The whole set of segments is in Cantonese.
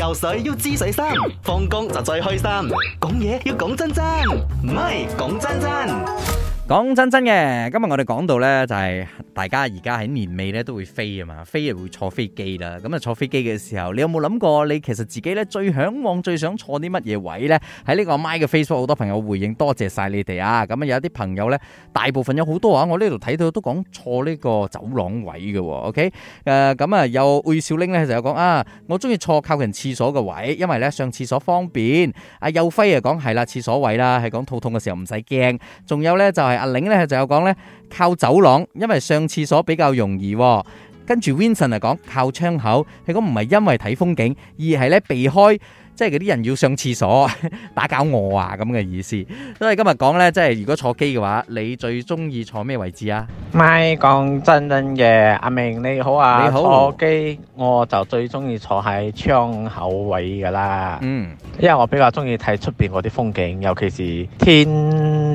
游水要知水深，放工就最開心。講嘢要講真真，唔係講真真。講真真嘅，今日我哋講到呢，就係大家而家喺年尾呢都會飛啊嘛，飛又會坐飛機啦。咁啊，坐飛機嘅時候，你有冇諗過你其實自己呢最向往、最想坐啲乜嘢位呢？喺呢個阿媽嘅 Facebook，好多朋友回應，多謝晒你哋啊！咁啊，有啲朋友呢，大部分有好多話，我呢度睇到都講坐呢個走廊位嘅。OK，誒，咁啊，有魏少玲呢就講啊，我中意坐靠近廁所嘅位，因為呢上廁所方便。阿右輝啊講係啦，廁所位啦，係講肚痛嘅時候唔使驚。仲有呢就係。阿玲咧，就有講咧，靠走廊，因為上廁所比較容易，哦。跟住 Vincent 嚟講靠窗口，佢講唔係因為睇風景，而係咧，避開。即係嗰啲人要上廁所 打攪我啊咁嘅意思。所以今日講呢，即係如果坐機嘅話，你最中意坐咩位置啊？咪講真真嘅，阿明你好啊。你好。我機我就最中意坐喺窗口位噶啦。嗯，因為我比較中意睇出邊嗰啲風景，尤其是天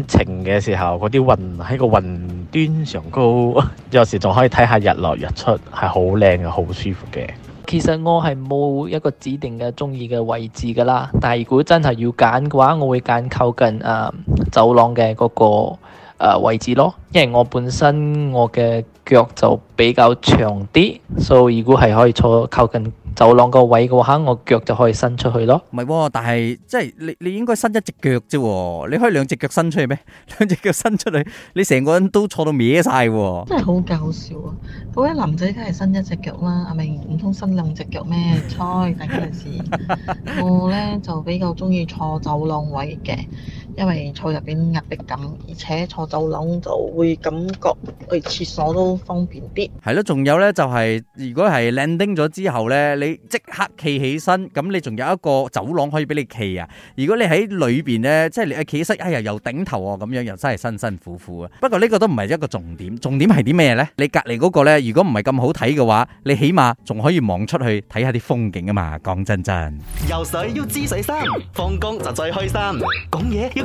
晴嘅時候，嗰啲雲喺個雲端上高， 有時仲可以睇下日落日出，係好靚嘅，好舒服嘅。其實我係冇一個指定嘅中意嘅位置噶啦，但係如果真係要揀嘅話，我會揀靠近誒走廊嘅嗰個誒位置咯，因為我本身我嘅。腳就比較長啲，所以如果係可以坐靠近走廊個位嘅話，我腳就可以伸出去咯。唔係、哦，但係即係你你應該伸一隻腳啫，你可以兩隻腳伸出嚟咩？兩隻腳伸出嚟，你成個人都坐到歪晒、哦。真係好搞笑啊！各位男仔梗係伸一隻腳啦，阿明唔通伸兩隻腳咩？猜大家嘅事，我呢就比較中意坐走廊位嘅。因為坐入邊壓迫感，而且坐走廊就會感覺去廁所都方便啲。係咯，仲有咧就係如果係靚丁咗之後咧，你即刻企起身，咁你仲有一個走廊可以俾你企啊。如果你喺裏邊咧，即係你企起身，哎呀又頂頭啊，咁樣又真係辛辛苦苦啊。不過呢個都唔係一個重點，重點係啲咩咧？你隔籬嗰個咧，如果唔係咁好睇嘅話，你起碼仲可以望出去睇下啲風景啊嘛。講真真游水要知水深，放工就最開心，講嘢要。